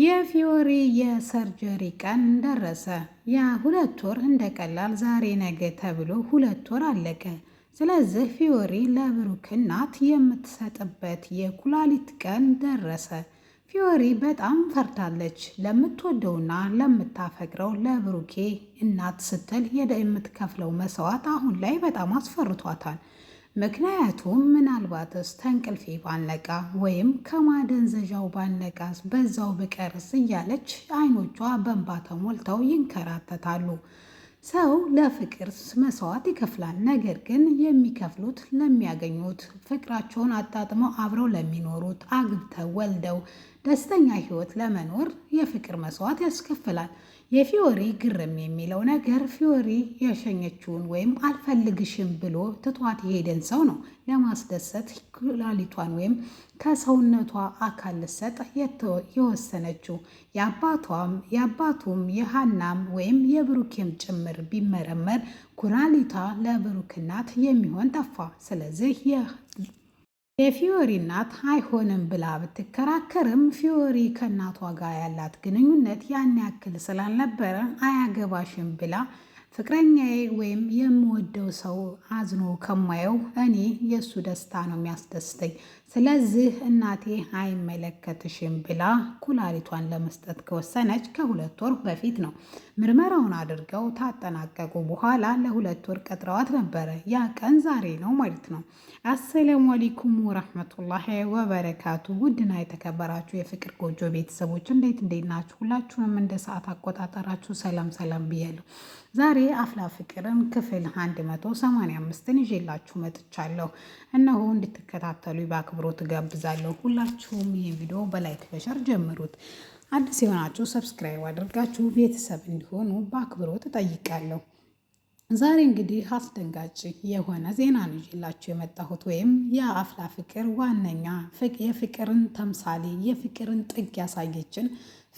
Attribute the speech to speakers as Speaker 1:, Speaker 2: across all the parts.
Speaker 1: የፊዮሪ የሰርጀሪ ቀን ደረሰ። ያ ሁለት ወር እንደ ቀላል ዛሬ ነገ ተብሎ ሁለት ወር አለቀ። ስለዚህ ፊዮሪ ለብሩክ እናት የምትሰጥበት የኩላሊት ቀን ደረሰ። ፊዮሪ በጣም ፈርታለች። ለምትወደውና ለምታፈቅረው ለብሩኬ እናት ስትል የምትከፍለው መስዋዕት አሁን ላይ በጣም አስፈርቷታል። ምክንያቱም ምናልባትስ ተንቅልፌ ባለቃ ወይም ከማደንዘዣው ባልነቃስ በዛው ብቀርስ እያለች አይኖቿ በንባ ተሞልተው ይንከራተታሉ። ሰው ለፍቅር መስዋዕት ይከፍላል። ነገር ግን የሚከፍሉት ለሚያገኙት፣ ፍቅራቸውን አጣጥመው አብረው ለሚኖሩት፣ አግብተው ወልደው ደስተኛ ሕይወት ለመኖር የፍቅር መስዋዕት ያስከፍላል። የፊዮሪ ግርም የሚለው ነገር ፊዮሪ ያሸኘችውን ወይም አልፈልግሽም ብሎ ትቷት የሄደን ሰው ነው ለማስደሰት ኩላሊቷን ወይም ከሰውነቷ አካል ልሰጥ የወሰነችው። የአባቱም የሀናም ወይም የብሩኬም ጭምር ቢመረመር ኩላሊቷ ለብሩክናት የሚሆን ጠፋ። ስለዚህ የፊዮሪ እናት አይሆንም ብላ ብትከራከርም ፊዮሪ ከእናቷ ጋር ያላት ግንኙነት ያን ያክል ስላልነበረ አያገባሽም ብላ ፍቅረኛዬ ወይም የምወደው ሰው አዝኖ ከማየው እኔ የእሱ ደስታ ነው የሚያስደስተኝ፣ ስለዚህ እናቴ አይመለከትሽም ብላ ኩላሊቷን ለመስጠት ከወሰነች ከሁለት ወር በፊት ነው። ምርመራውን አድርገው ታጠናቀቁ በኋላ ለሁለት ወር ቀጥረዋት ነበረ። ያ ቀን ዛሬ ነው ማለት ነው። አሰላሙ አለይኩም ወረሕመቱላሂ ወበረካቱ። ውድና የተከበራችሁ የፍቅር ጎጆ ቤተሰቦች እንዴት እንዴት ናችሁ? ሁላችሁንም እንደ ሰዓት አቆጣጠራችሁ ሰላም ሰላም ብያለሁ። ዛሬ አፍላ ፍቅርን ክፍል 185ን ይዤላችሁ መጥቻለሁ። እነሆ እንድትከታተሉ ይባክ በአክብሮት ጋብዛለሁ። ሁላችሁም ይህ ቪዲዮ በላይክ በሸር ጀምሩት። አዲስ የሆናችሁ ሰብስክራይብ አድርጋችሁ ቤተሰብ እንዲሆኑ በአክብሮት እጠይቃለሁ። ዛሬ እንግዲህ አስደንጋጭ የሆነ ዜና ነው ይዤላችሁ የመጣሁት ወይም የአፍላ ፍቅር ዋነኛ የፍቅርን ተምሳሌ የፍቅርን ጥግ ያሳየችን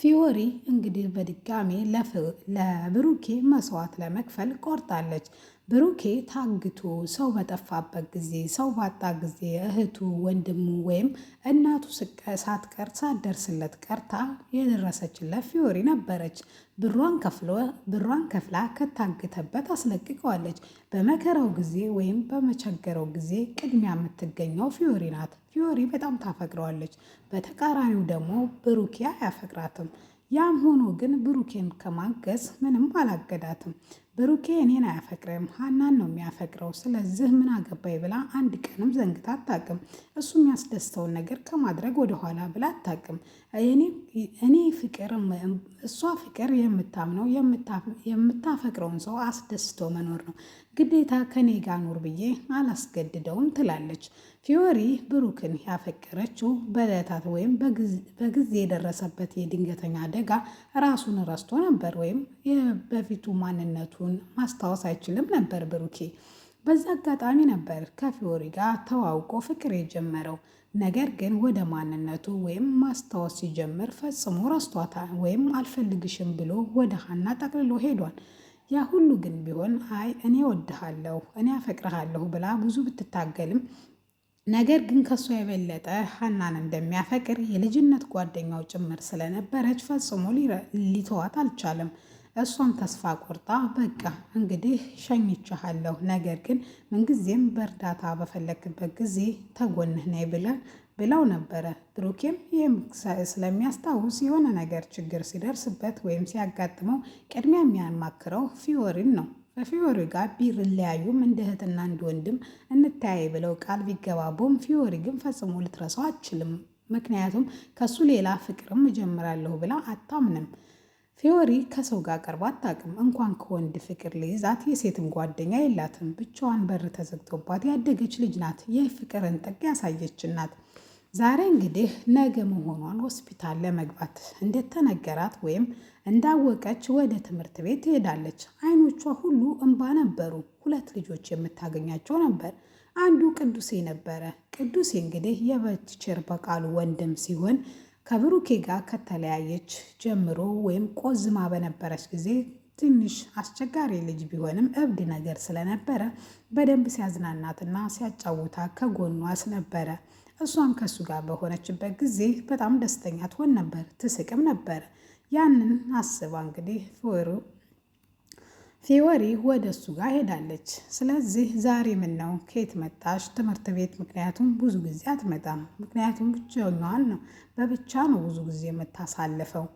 Speaker 1: ፊዮሪ እንግዲህ በድጋሜ ለብሩኬ መስዋዕት ለመክፈል ቆርጣለች። ብሩኬ ታግቶ ሰው በጠፋበት ጊዜ ሰው ባጣ ጊዜ እህቱ ወንድሙ ወይም እናቱ ሳትቀር ሳትደርስለት ቀርታ የደረሰችለት ፊዮሪ ነበረች። ብሯን ከፍላ ከታገተበት አስለቅቀዋለች። በመከራው ጊዜ ወይም በመቸገረው ጊዜ ቅድሚያ የምትገኘው ፊዮሪ ናት። ፊዮሪ በጣም ታፈቅረዋለች። በተቃራኒው ደግሞ ብሩኬ አያፈቅራትም። ያም ሆኖ ግን ብሩኬን ከማገዝ ምንም አላገዳትም። ብሩኬ እኔን አያፈቅርም ሀናን ነው የሚያፈቅረው፣ ስለዚህ ምን አገባይ ብላ አንድ ቀንም ዘንግታ አታውቅም። እሱ የሚያስደስተውን ነገር ከማድረግ ወደኋላ ብላ አታውቅም። እኔ ፍቅር እሷ ፍቅር የምታምነው የምታፈቅረውን ሰው አስደስቶ መኖር ነው። ግዴታ ከኔ ጋር ኑር ብዬ አላስገድደውም ትላለች። ፊዮሪ ብሩክን ያፈቀረችው በለታት ወይም በጊዜ የደረሰበት የድንገተኛ አደጋ ራሱን ረስቶ ነበር ወይም በፊቱ ማንነቱ ነገሩን ማስታወስ አይችልም ነበር ብሩኬ። በዛ አጋጣሚ ነበር ከፊዮሪ ጋር ተዋውቆ ፍቅር የጀመረው። ነገር ግን ወደ ማንነቱ ወይም ማስታወስ ሲጀምር ፈጽሞ ረስቷታል፣ ወይም አልፈልግሽም ብሎ ወደ ሀና ጠቅልሎ ሄዷል። ያ ሁሉ ግን ቢሆን አይ እኔ ወድሃለሁ፣ እኔ አፈቅርሃለሁ ብላ ብዙ ብትታገልም ነገር ግን ከእሷ የበለጠ ሀናን እንደሚያፈቅር የልጅነት ጓደኛው ጭምር ስለነበረች ፈጽሞ ሊተዋት አልቻለም። እሷም ተስፋ ቆርጣ በቃ እንግዲህ ሸኝቻሃለሁ፣ ነገር ግን ምንጊዜም በእርዳታ በፈለክበት ጊዜ ተጎንህ ነይ ብለ ብለው ነበረ። ብሩኬም ይህም ስለሚያስታውስ የሆነ ነገር ችግር ሲደርስበት ወይም ሲያጋጥመው ቅድሚያ የሚያማክረው ፊዮሪን ነው። ከፊዮሪ ጋር ቢርለያዩም እንደ እህትና እንደ ወንድም እንተያይ ብለው ቃል ቢገባቡም ፊዮሪ ግን ፈጽሞ ልትረሳው አችልም። ምክንያቱም ከሱ ሌላ ፍቅርም እጀምራለሁ ብላ አታምንም። ፊዮሪ ከሰው ጋር ቀርባ አታውቅም። እንኳን ከወንድ ፍቅር ሊይዛት የሴትም ጓደኛ የላትም። ብቻዋን በር ተዘግቶባት ያደገች ልጅ ናት። ይህ ፍቅርን ጥግ ያሳየች ናት። ዛሬ እንግዲህ ነገ መሆኗን ሆስፒታል ለመግባት እንደተነገራት ወይም እንዳወቀች ወደ ትምህርት ቤት ትሄዳለች። አይኖቿ ሁሉ እንባ ነበሩ። ሁለት ልጆች የምታገኛቸው ነበር። አንዱ ቅዱሴ ነበረ። ቅዱሴ እንግዲህ የበትቸር በቃሉ ወንድም ሲሆን ከብሩኬ ጋር ከተለያየች ጀምሮ ወይም ቆዝማ በነበረች ጊዜ ትንሽ አስቸጋሪ ልጅ ቢሆንም እብድ ነገር ስለነበረ በደንብ ሲያዝናናትና ሲያጫውታ ከጎኗ ነበረ። እሷም ከእሱ ጋር በሆነችበት ጊዜ በጣም ደስተኛ ትሆን ነበር፣ ትስቅም ነበር። ያንን አስባ እንግዲህ ፍሩ ፊወሪ ወደ እሱ ጋር ሄዳለች። ስለዚህ ዛሬ ምን ነው ከየት መጣሽ? ትምህርት ቤት ምክንያቱም ብዙ ጊዜ አትመጣም። ምክንያቱም ብቻዋን ነው በብቻ ነው ብዙ ጊዜ የምታሳልፈው።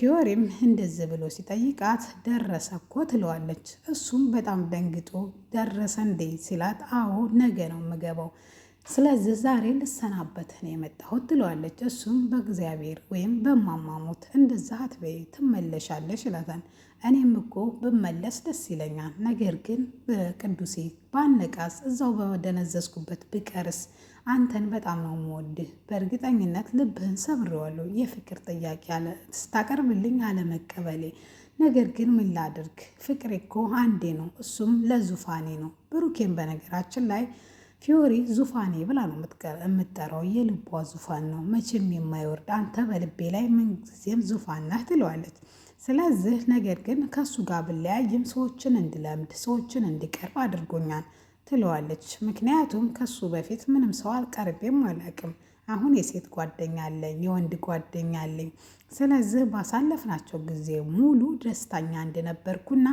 Speaker 1: ፊወሪም እንደዚህ ብሎ ሲጠይቃት ደረሰ እኮ ትለዋለች። እሱም በጣም ደንግጦ ደረሰ እንዴ ሲላት አዎ ነገ ነው የምገባው ስለዚህ ዛሬ ልሰናበት ነው የመጣሁት ትለዋለች። እሱም በእግዚአብሔር ወይም በማማሙት እንደዛ አትበይ ትመለሻለሽ ይላታል። እኔም እኮ ብመለስ ደስ ይለኛል፣ ነገር ግን በቅዱሴ ባነቃስ፣ እዛው በደነዘዝኩበት ብቀርስ፣ አንተን በጣም ነው የምወድህ። በእርግጠኝነት ልብህን ሰብሬዋለሁ፣ የፍቅር ጥያቄ ስታቀርብልኝ አለመቀበሌ ነገር ግን ምን ላድርግ? ፍቅሬ እኮ አንዴ ነው፣ እሱም ለዙፋኔ ነው። ብሩኬን በነገራችን ላይ ፊዮሪ ዙፋኔ ብላ ነው የምትጠራው። የልቧ ዙፋን ነው መቼም የማይወርድ አንተ በልቤ ላይ ምንጊዜም ዙፋን ነህ ትለዋለች። ስለዚህ ነገር ግን ከእሱ ጋር ብለያይም ሰዎችን እንድለምድ ሰዎችን እንድቀርብ አድርጎኛል ትለዋለች። ምክንያቱም ከሱ በፊት ምንም ሰው አልቀርቤም አላቅም። አሁን የሴት ጓደኛ አለኝ፣ የወንድ ጓደኛ አለኝ። ስለዚህ ባሳለፍናቸው ጊዜ ሙሉ ደስተኛ እንደነበርኩና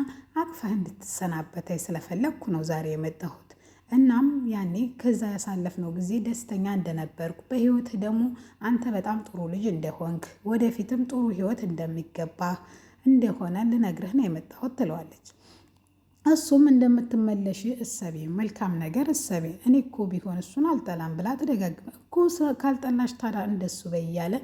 Speaker 1: አቅፈህ እንድትሰናበተኝ ስለፈለግኩ ነው ዛሬ የመጣሁት እናም ያኔ ከዛ ያሳለፍነው ጊዜ ደስተኛ እንደነበርኩ በህይወት ደግሞ አንተ በጣም ጥሩ ልጅ እንደሆንክ ወደፊትም ጥሩ ህይወት እንደሚገባ እንደሆነ ልነግርህ ነው የመጣሁት ትለዋለች። እሱም እንደምትመለሽ እሰቤ፣ መልካም ነገር እሰቤ፣ እኔ እኮ ቢሆን እሱን አልጠላም ብላ ተደጋግመ እኮ ካልጠላሽ ታዲያ እንደሱ በይ እያለ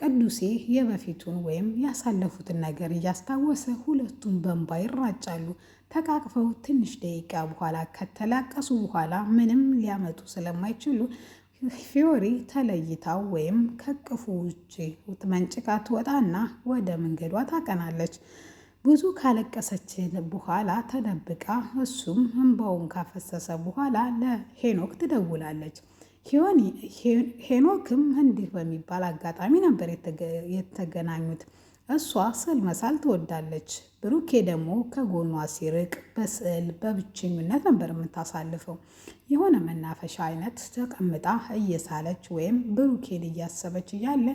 Speaker 1: ቅዱሴ የበፊቱን ወይም ያሳለፉትን ነገር እያስታወሰ ሁለቱም በንባ ይራጫሉ። ተቃቅፈው ትንሽ ደቂቃ በኋላ ከተላቀሱ በኋላ ምንም ሊያመጡ ስለማይችሉ ፊዮሪ ተለይታው ወይም ከቅፉ ውጭ መንጭቃ ትወጣና ወደ መንገዷ ታቀናለች። ብዙ ካለቀሰች በኋላ ተደብቃ እሱም እንባውን ካፈሰሰ በኋላ ለሄኖክ ትደውላለች። ሄኖክም እንዲህ በሚባል አጋጣሚ ነበር የተገናኙት። እሷ ስዕል መሳል ትወዳለች። ብሩኬ ደግሞ ከጎኗ ሲርቅ በስዕል በብቸኝነት ነበር የምታሳልፈው። የሆነ መናፈሻ አይነት ተቀምጣ እየሳለች ወይም ብሩኬን እያሰበች እያለ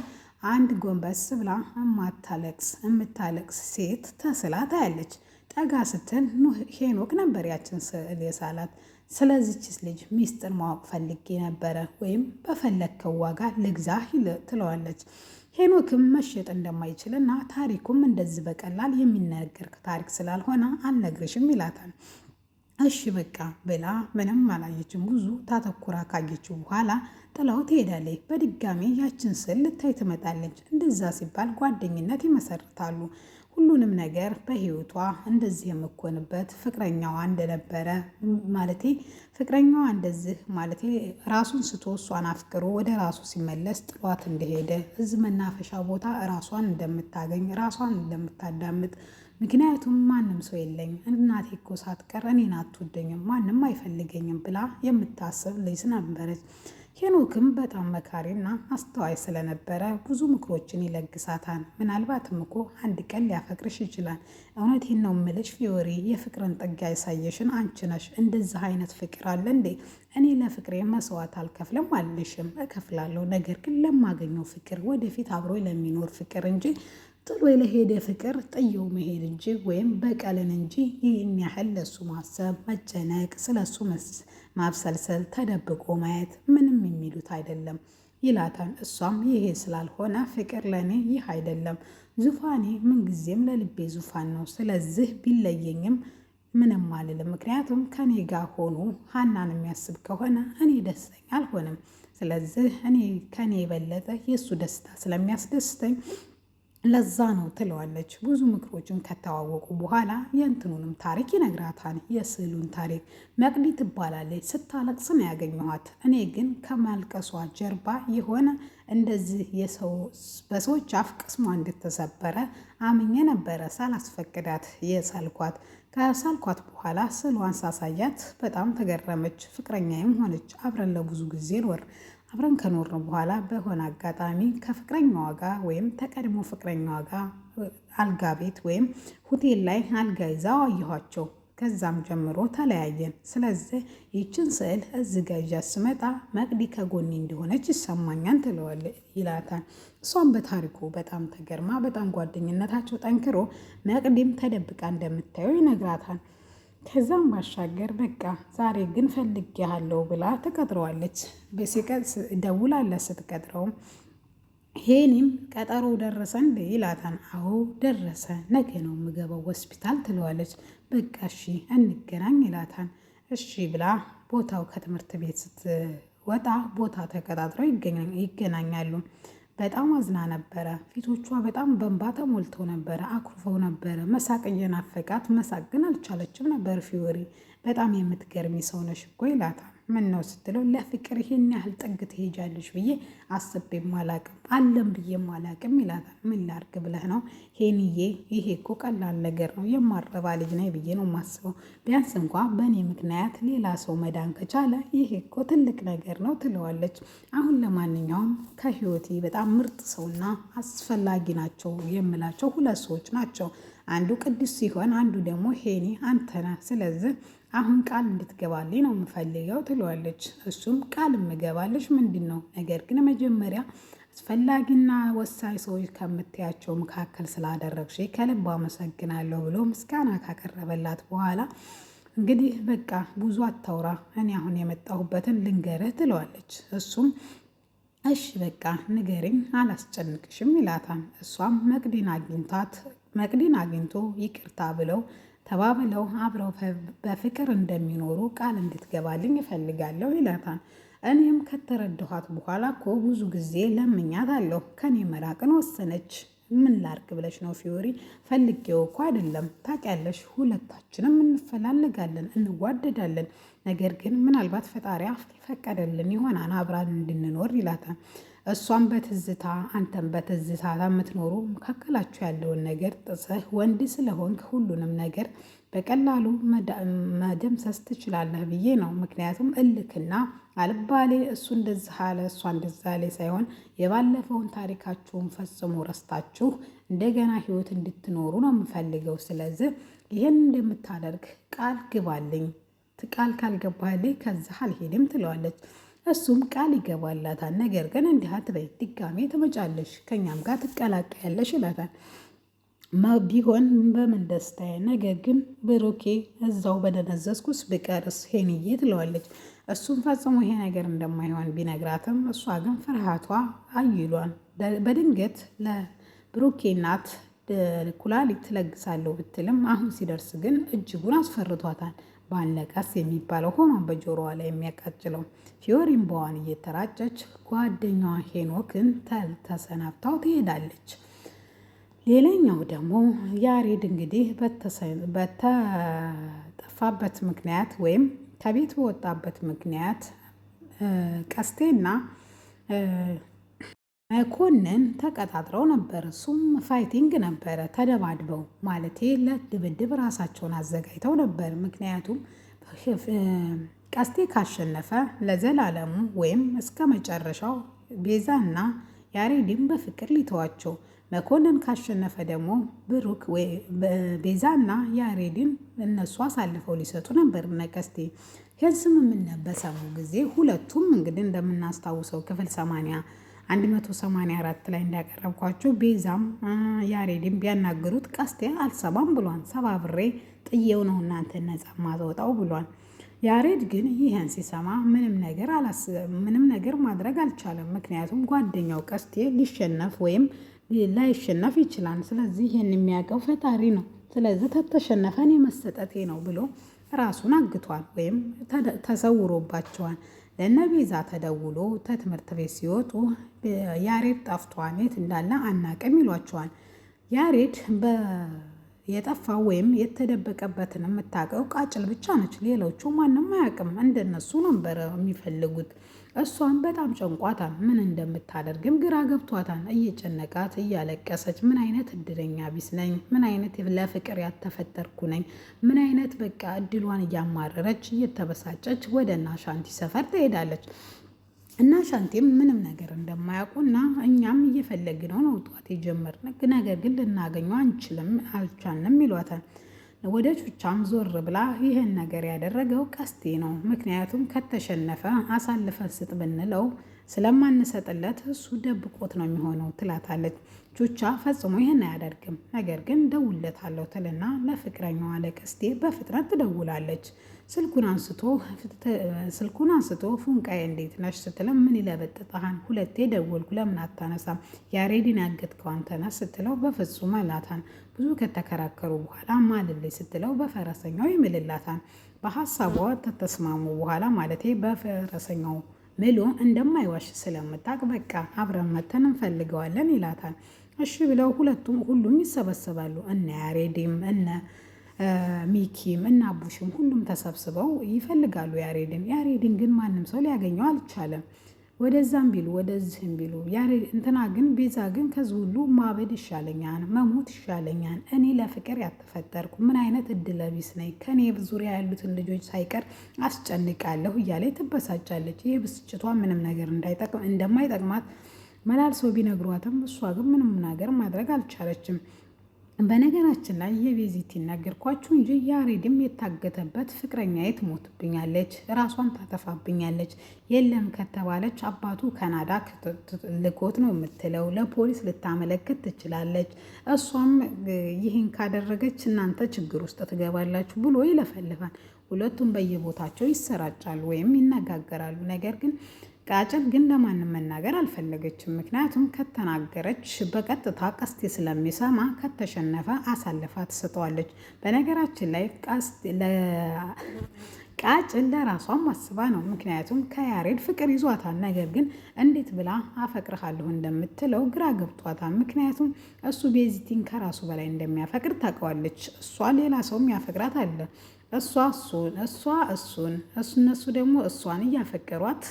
Speaker 1: አንድ ጎንበስ ብላ የማታለቅስ የምታለቅስ ሴት ተስላ ታያለች። ጠጋ ስትል ሄኖክ ነበር ያችን ስዕል የሳላት። ስለዚችስ ልጅ ሚስጥር ማወቅ ፈልጌ ነበረ ወይም በፈለግከው ዋጋ ልግዛ ትለዋለች። ሄኖክም መሸጥ እንደማይችልና ታሪኩም እንደዚህ በቀላል የሚነገር ታሪክ ስላልሆነ አልነግርሽም ይላታል። እሺ በቃ ብላ ምንም አላየችም። ብዙ ታተኩራ ካየችው በኋላ ጥላው ትሄዳለች። በድጋሜ ያችን ስል ልታይ ትመጣለች። እንደዛ ሲባል ጓደኝነት ይመሰርታሉ። ሁሉንም ነገር በህይወቷ እንደዚህ የምኮንበት ፍቅረኛዋ እንደነበረ ማለቴ ፍቅረኛዋ እንደዚህ ማለቴ ራሱን ስቶ እሷን አፍቅሮ ወደ ራሱ ሲመለስ ጥሏት እንደሄደ እዚህ መናፈሻ ቦታ ራሷን እንደምታገኝ ራሷን እንደምታዳምጥ ምክንያቱም ማንም ሰው የለኝ እናቴ እኮ ሳትቀር እኔን አትወደኝም ማንም አይፈልገኝም ብላ የምታስብ ልጅ ነበረች። ሄኖክም በጣም መካሪና አስተዋይ ስለነበረ ብዙ ምክሮችን ይለግሳታል። ምናልባትም እኮ አንድ ቀን ሊያፈቅርሽ ይችላል። እውነቴን ነው ምልሽ ፊዮሪ፣ የፍቅርን ጥጋ ያሳየሽን አንቺ ነሽ። እንደዚህ አይነት ፍቅር አለ እንዴ? እኔ ለፍቅሬ መስዋዕት አልከፍልም አልልሽም፣ እከፍላለሁ። ነገር ግን ለማገኘው ፍቅር፣ ወደፊት አብሮ ለሚኖር ፍቅር እንጂ ጥሎ ለሄደ ፍቅር ጥየው መሄድ እንጂ ወይም በቀልን እንጂ ይህን ያህል ለሱ ማሰብ፣ መጨነቅ፣ ስለሱ ማብሰልሰል፣ ተደብቆ ማየት ምንም የሚሉት አይደለም ይላታል። እሷም ይሄ ስላልሆነ ፍቅር ለእኔ ይህ አይደለም፣ ዙፋኔ ምንጊዜም ለልቤ ዙፋን ነው። ስለዚህ ቢለየኝም ምንም አልልም። ምክንያቱም ከኔ ጋር ሆኖ ሀናን የሚያስብ ከሆነ እኔ ደስተኛ አልሆንም። ስለዚህ እኔ ከኔ የበለጠ የእሱ ደስታ ስለሚያስደስተኝ ለዛ ነው ትለዋለች። ብዙ ምክሮችን ከተዋወቁ በኋላ የእንትኑንም ታሪክ ይነግራታል። የስዕሉን ታሪክ መቅዲ ትባላለች። ስታለቅስ ነው ያገኘኋት። እኔ ግን ከማልቀሷ ጀርባ የሆነ እንደዚህ በሰዎች አፍ ቅስሟ እንድትሰበረ አምኜ ነበረ ሳላስፈቅዳት የሳልኳት ከሳልኳት በኋላ ስዕሏን ሳሳያት በጣም ተገረመች። ፍቅረኛዬም ሆነች። አብረን ለብዙ ጊዜ ኖር አብረን ከኖርን በኋላ በሆነ አጋጣሚ ከፍቅረኛዋ ጋር ወይም ተቀድሞ ፍቅረኛዋ ጋር አልጋ ቤት ወይም ሆቴል ላይ አልጋ ይዛው አየኋቸው። ከዛም ጀምሮ ተለያየን። ስለዚህ ይችን ስዕል እዚህ ገዣ ስመጣ መቅዲ ከጎኔ እንደሆነች ይሰማኛል ትለዋል ይላታል። እሷም በታሪኩ በጣም ተገርማ በጣም ጓደኝነታቸው ጠንክሮ መቅዲም ተደብቃ እንደምታየው ይነግራታል። ከዛም ባሻገር በቃ ዛሬ ግን ፈልጌሃለሁ ብላ ትቀጥረዋለች። ደውላለት ስትቀጥረውም ሄኒም ቀጠሮ ደረሰ እንደ ይላታን። አዎ ደረሰ፣ ነገ ነው የምገባው ሆስፒታል ትለዋለች። በቃ እሺ እንገናኝ ይላታን። እሺ ብላ ቦታው ከትምህርት ቤት ስትወጣ ቦታ ተቀጣጥረው ይገናኛሉ። በጣም አዝና ነበረ። ፊቶቿ በጣም በእንባ ተሞልተው ነበረ። አኩርፈው ነበረ። መሳቅ እየናፈቃት መሳቅ ግን አልቻለችም ነበር። ፊዮሪ በጣም የምትገርሚ ሰው ነሽ እኮ ይላታል። ምን ነው ስትለው ለፍቅር ይሄን ያህል ጥግ ትሄጃለሽ ብዬ አስቤም አላቅም አለም ብዬም አላቅም ይላታል። ምን ላርግ ብለህ ነው ሄንዬ? ይሄ እኮ ቀላል ነገር ነው። የማረባ ልጅ ነኝ ብዬ ነው የማስበው። ቢያንስ እንኳ በእኔ ምክንያት ሌላ ሰው መዳን ከቻለ ይሄ እኮ ትልቅ ነገር ነው ትለዋለች። አሁን ለማንኛውም ከህይወቴ በጣም ምርጥ ሰውና አስፈላጊ ናቸው የምላቸው ሁለት ሰዎች ናቸው። አንዱ ቅዱስ ሲሆን አንዱ ደግሞ ሄኒ አንተ ነህ። ስለዚህ አሁን ቃል እንድትገባልኝ ነው የምፈልገው ትለዋለች። እሱም ቃል የምገባለች ምንድን ነው ነገር ግን መጀመሪያ አስፈላጊና ወሳኝ ሰዎች ከምትያቸው መካከል ስላደረግሽ ከልብ አመሰግናለሁ ብሎ ምስጋና ካቀረበላት በኋላ እንግዲህ በቃ ብዙ አታውራ፣ እኔ አሁን የመጣሁበትን ልንገርህ ትለዋለች። እሱም እሺ በቃ ንገርኝ፣ አላስጨንቅሽም ይላታል። እሷም መቅዲን አግኝቷት መቅዲን አግኝቶ ይቅርታ ብለው ተባብለው አብረው በፍቅር እንደሚኖሩ ቃል እንድትገባልኝ እፈልጋለሁ ይላታል። እኔም ከተረዳኋት በኋላ እኮ ብዙ ጊዜ ለምኛት አለሁ ከኔ መራቅን ወሰነች። ምን ላርግ ብለሽ ነው ፊዮሪ? ፈልጌው እኮ አይደለም ታውቂያለሽ። ሁለታችንም እንፈላለጋለን፣ እንዋደዳለን። ነገር ግን ምናልባት ፈጣሪ ፈቀደልን ይሆናል አብራን እንድንኖር ይላታል። እሷም በትዝታ አንተም በትዝታ የምትኖሩ መካከላችሁ ያለውን ነገር ጥሰህ ወንድ ስለሆንክ ሁሉንም ነገር በቀላሉ መደምሰስ ትችላለህ ብዬ ነው። ምክንያቱም እልክና አልባሌ እሱ እንደዚህ አለ እሷ እንደዛሌ አለ ሳይሆን የባለፈውን ታሪካችሁን ፈጽሞ ረስታችሁ እንደገና ህይወት እንድትኖሩ ነው የምፈልገው። ስለዚህ ይህን እንደምታደርግ ቃል ግባልኝ። ቃል ካልገባልኝ ከዚህ አልሄድም ትለዋለች። እሱም ቃል ይገባላታል። ነገር ግን እንዲህ አትበይ፣ ድጋሜ ትመጫለሽ፣ ከእኛም ጋር ትቀላቀያለሽ ይላታል። ቢሆን በምን ደስታዬ፣ ነገር ግን ብሩኬ እዛው በደነዘዝኩስ ብቀርስ ሄንዬ ትለዋለች። እሱም ፈጽሞ ይሄ ነገር እንደማይሆን ቢነግራትም እሷ ግን ፍርሃቷ አይሏን። በድንገት ለብሩኬ እናት ኩላሊት ትለግሳለሁ ብትልም አሁን ሲደርስ ግን እጅጉን አስፈርቷታል። ባለቀስ የሚባለው ሆኖ በጆሮዋ ላይ የሚያቃጭለው ፊዮሪን በዋን እየተራጨች ጓደኛዋ ሄኖክን ተል ተሰናብታው ትሄዳለች። ሌላኛው ደግሞ ያሬድ እንግዲህ በተጠፋበት ምክንያት ወይም ከቤት በወጣበት ምክንያት ቀስቴና መኮንን ተቀጣጥረው ነበር። እሱም ፋይቲንግ ነበረ። ተደባድበው ማለቴ ለድብድብ ራሳቸውን አዘጋጅተው ነበር። ምክንያቱም ቀስቴ ካሸነፈ ለዘላለሙ ወይም እስከ መጨረሻው ቤዛና ያሬድም በፍቅር ሊተዋቸው፣ መኮንን ካሸነፈ ደግሞ ብሩክ ቤዛና ያሬድን እነሱ አሳልፈው ሊሰጡ ነበር ነቀስቴ ቀስቴ። ይህን ስምምነት በሰሙ ጊዜ ሁለቱም እንግዲህ እንደምናስታውሰው ክፍል ሰማንያ 184 ላይ እንዳቀረብኳቸው ቤዛም ያሬድም ቢያናግሩት ቀስቴ አልሰማም ብሏል። ሰባብሬ ጥየው ጥዬው ነው እናንተ ነጻ ማዘወጣው ብሏል። ያሬድ ግን ይህን ሲሰማ ምንም ነገር ምንም ነገር ማድረግ አልቻለም። ምክንያቱም ጓደኛው ቀስቴ ሊሸነፍ ወይም ላይሸነፍ ይችላል። ስለዚህ ይህን የሚያውቀው ፈጣሪ ነው። ስለዚህ ተተሸነፈን የመሰጠቴ ነው ብሎ ራሱን አግቷል ወይም ተሰውሮባቸዋል። ለእነ ቤዛ ተደውሎ ተትምህርት ቤት ሲወጡ ያሬድ ጠፍቷል፣ የት እንዳለ አናቅም ይሏቸዋል። ያሬድ የጠፋው ወይም የተደበቀበትን የምታውቀው ቃጭል ብቻ ነች። ሌሎቹ ማንም አያውቅም። እንደነሱ ነበር የሚፈልጉት። እሷን በጣም ጨንቋታል። ምን እንደምታደርግም ግራ ገብቷታል። እየጨነቃት እያለቀሰች ምን አይነት እድለኛ ቢስ ነኝ፣ ምን አይነት ለፍቅር ያተፈጠርኩ ነኝ፣ ምን አይነት በቃ እድሏን እያማረረች እየተበሳጨች ወደ ናሻንቲ ሰፈር ትሄዳለች። እና ሻንቲም ምንም ነገር እንደማያውቁ እና እኛም እየፈለግነው ነው ጠዋት የጀመርን ነገር ግን ልናገኘው አንችልም አልቻልንም ይሏታል። ወደ ቹቻም ዞር ብላ ይህን ነገር ያደረገው ቀስቴ ነው። ምክንያቱም ከተሸነፈ አሳልፈ ስጥ ብንለው ስለማንሰጥለት እሱ ደብቆት ነው የሚሆነው ትላታለች። ቹቻ ፈጽሞ ይህን አያደርግም። ነገር ግን ደውለታለሁ ትልና ለፍቅረኛዋ ለቀስቴ በፍጥነት ትደውላለች። ስልኩን አንስቶ ስልኩን አንስቶ ፉንቃይ እንዴት ነሽ ስትለው ምን ይለበጥጠሃን ሁለቴ ደወልኩ ለምን አታነሳም? ያሬድን ያገትከው አንተና ስትለው በፍጹም አላታን። ብዙ ከተከራከሩ በኋላ ማልልኝ ስትለው በፈረሰኛው ይምልላታን። በሀሳቧ ተተስማሙ በኋላ ማለቴ በፈረሰኛው ምሎ እንደማይዋሽ ስለምታቅ በቃ አብረን መተን እንፈልገዋለን ይላታል። እሺ ብለው ሁለቱም ሁሉም ይሰበሰባሉ። እነ ያሬድም እነ ሚኪም እና አቡሽም ሁሉም ተሰብስበው ይፈልጋሉ ያሬድን። ያሬድን ግን ማንም ሰው ሊያገኘው አልቻለም። ወደዛም ቢሉ ወደዚህም ቢሉ ያሬድ እንትና ግን ቤዛ ግን ከዚህ ሁሉ ማበድ ይሻለኛል፣ መሞት ይሻለኛል። እኔ ለፍቅር ያተፈጠርኩ ምን አይነት እድለቢስ ነኝ? ከኔ ዙሪያ ያሉትን ልጆች ሳይቀር አስጨንቃለሁ እያለች ትበሳጫለች። ይህ ብስጭቷ ምንም ነገር እንደማይጠቅማት መላልሰው ቢነግሯትም እሷ ግን ምንም ነገር ማድረግ አልቻለችም። በነገራችን ላይ የቤዚት ይናገርኳችሁ እንጂ ያሬድም የታገተበት ፍቅረኛዬ ሞትብኛለች ራሷን ታተፋብኛለች የለም ከተባለች አባቱ ካናዳ ልኮት ነው የምትለው፣ ለፖሊስ ልታመለክት ትችላለች፣ እሷም ይህን ካደረገች እናንተ ችግር ውስጥ ትገባላችሁ ብሎ ይለፈልፋል። ሁለቱም በየቦታቸው ይሰራጫሉ ወይም ይነጋገራሉ። ነገር ግን ቃጭን ግን ለማንም መናገር አልፈለገችም። ምክንያቱም ከተናገረች በቀጥታ ቀስቴ ስለሚሰማ ከተሸነፈ አሳልፋ ትሰጠዋለች። በነገራችን ላይ ቃጭን ለራሷም አስባ ነው። ምክንያቱም ከያሬድ ፍቅር ይዟታል። ነገር ግን እንዴት ብላ አፈቅርሃለሁ እንደምትለው ግራ ገብቷታል። ምክንያቱም እሱ ቤዚቲን ከራሱ በላይ እንደሚያፈቅር ታውቀዋለች። እሷ ሌላ ሰውም ያፈቅራት አለ እሷ እሱን እሷ እሱን እነሱ ደግሞ እሷን እያፈቀሯት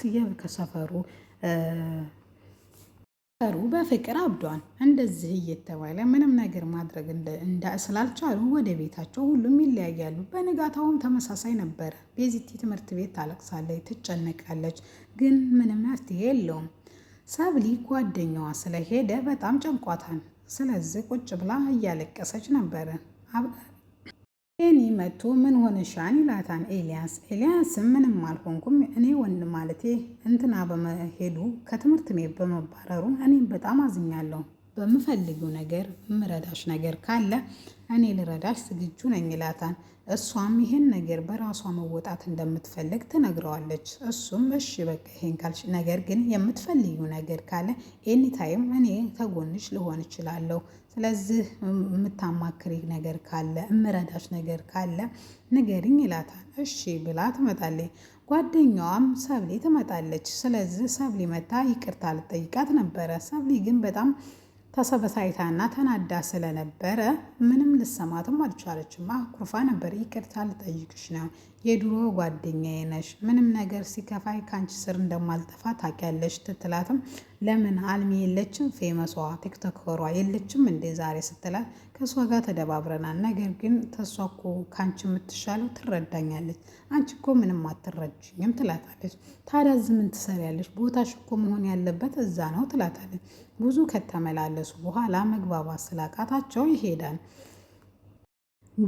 Speaker 1: ከሰፈሩ ሩ በፍቅር አብዷል። እንደዚህ እየተባለ ምንም ነገር ማድረግ እንዳ ስላልቻሉ ወደ ቤታቸው ሁሉም ይለያያሉ። በንጋታውም ተመሳሳይ ነበረ። ቤዚቲ ትምህርት ቤት ታለቅሳለች፣ ትጨነቃለች፣ ግን ምንም መፍትሄ የለውም። ሰብሊ ጓደኛዋ ስለሄደ በጣም ጨንቋታል። ስለዚህ ቁጭ ብላ እያለቀሰች ነበረ። ኤሊ መጥቶ ምን ሆነሻል ይላታል ኤልያስ። ኤልያስም ምንም አልሆንኩም እኔ ወንድ ማለቴ እንትና በመሄዱ ከትምህርት ቤት በመባረሩ እኔም በጣም አዝኛለሁ በምፈልገው ነገር ምረዳሽ ነገር ካለ እኔ ልረዳሽ ዝግጁ ነኝ ይላታል። እሷም ይህን ነገር በራሷ መወጣት እንደምትፈልግ ትነግረዋለች። እሱም እሺ በቃ ይሄን ካልሽ፣ ነገር ግን የምትፈልዩ ነገር ካለ ኤኒታይም እኔ ከጎንሽ ልሆን እችላለሁ። ስለዚህ የምታማክሪ ነገር ካለ እምረዳሽ ነገር ካለ ንገሪኝ ይላታል። እሺ ብላ ትመጣለች። ጓደኛዋም ሰብሊ ትመጣለች። ስለዚህ ሰብሊ መታ ይቅርታ ልጠይቃት ነበረ። ሰብሊ ግን በጣም ተሰበሳይታና ተናዳ ስለነበረ ምንም ልሰማትም አልቻለችም። አኩርፋ ነበር። ይቅርታ ልጠይቅሽ ነው፣ የድሮ ጓደኛዬ ነሽ፣ ምንም ነገር ሲከፋይ ከአንቺ ስር እንደማልጠፋ ታውቂያለሽ ትትላትም፣ ለምን አልሚ የለችም ፌመሷ ቲክቶከሯ የለችም እንዴ ዛሬ ስትላት ከእሷ ጋር ተደባብረናል። ነገር ግን ተሷ እኮ ከአንቺ የምትሻለው ትረዳኛለች፣ አንቺ እኮ ምንም አትረጅኝም ትላታለች። ታዲያ እዚህ ምን ትሰሪያለች? ቦታሽ እኮ መሆን ያለበት እዛ ነው ትላታለች። ብዙ ከተመላለሱ በኋላ መግባባት ስላቃታቸው ይሄዳል።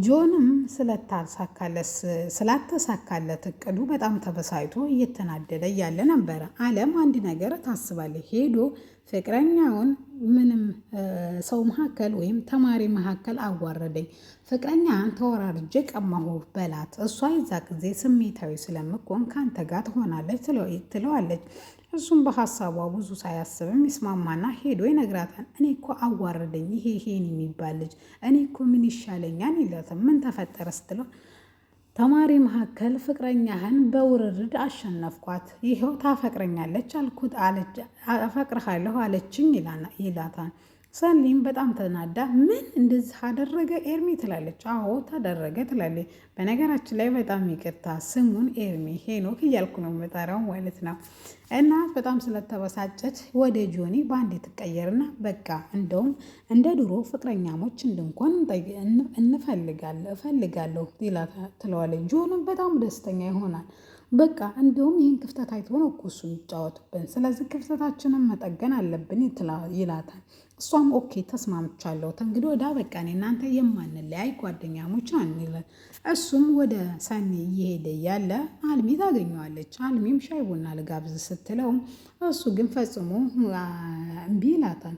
Speaker 1: ጆንም ስላልተሳካለት እቅዱ በጣም ተበሳጭቶ እየተናደደ እያለ ነበረ። አለም አንድ ነገር ታስባለች ሄዶ ፍቅረኛውን ምንም ሰው መካከል ወይም ተማሪ መካከል አዋረደኝ፣ ፍቅረኛህን ተወራርጄ ቀማሁ በላት። እሷ የዛ ጊዜ ስሜታዊ ስለምኮን ከአንተ ጋር ትሆናለች ትለዋለች። እሱም በሀሳቧ ብዙ ሳያስብም ይስማማና ሄዶ ይነግራታል። እኔ እኮ አዋረደኝ ይሄ ይሄን የሚባል ልጅ እኔ እኮ ምን ይሻለኛል ይለትም ምን ተፈጠረ ስትለው ተማሪ መካከል ፍቅረኛህን በውርርድ አሸነፍኳት። ይኸው ታፈቅረኛለች አልኩት አለች አፈቅርሃለሁ አለችኝ ይላታል። ሰኒም በጣም ተናዳ ምን እንደዚህ አደረገ ኤርሚ ትላለች። አዎ ታደረገ ትላለች። በነገራችን ላይ በጣም ይቅርታ ስሙን ኤርሚ ሄኖክ እያልኩ ነው መጠሪያው ማለት ነው። እና በጣም ስለተበሳጨች ወደ ጆኒ በአንድ ትቀየርና በቃ እንደውም እንደ ድሮ ፍቅረኛሞች እንድንኮን እንፈልጋለሁ እፈልጋለሁ ትለዋለች። ጆንም በጣም ደስተኛ ይሆናል። በቃ እንደውም ይህን ክፍተት አይቶ ነው እኮ እሱ የሚጫወቱብን፣ ስለዚህ ክፍተታችንን መጠገን አለብን ይላታል። እሷም ኦኬ ተስማምቻለሁ፣ ከእንግዲህ ወዲያ በቃኔ እናንተ የማንለያይ ጓደኛሞች አንለን። እሱም ወደ ሰኒ እየሄደ እያለ አልሚ ታገኘዋለች። አልሚም ሻይ ቡና ልጋብዝ ስትለው እሱ ግን ፈጽሞ እምቢ ይላታል።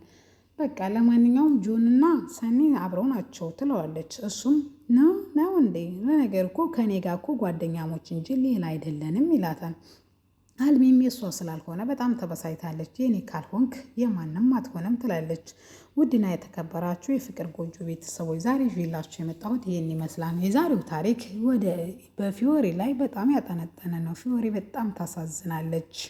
Speaker 1: በቃ ለማንኛውም ጆንና ሰኒ አብረው ናቸው ትለዋለች። እሱም ነው ነው እንዴ? ለነገር እኮ ከኔ ጋር እኮ ጓደኛሞች እንጂ ሌላ አይደለንም ይላታል። አልሚም የእሷ ስላልሆነ በጣም ተበሳይታለች። የኔ ካልሆንክ የማንም አትሆንም ትላለች። ውድና የተከበራችሁ የፍቅር ጎጆ ቤተሰቦች ዛሬ ይዤላችሁ የመጣሁት ይህን ይመስላል። የዛሬው ታሪክ ወደ በፊዮሪ ላይ በጣም ያጠነጠነ ነው። ፊዮሪ በጣም ታሳዝናለች።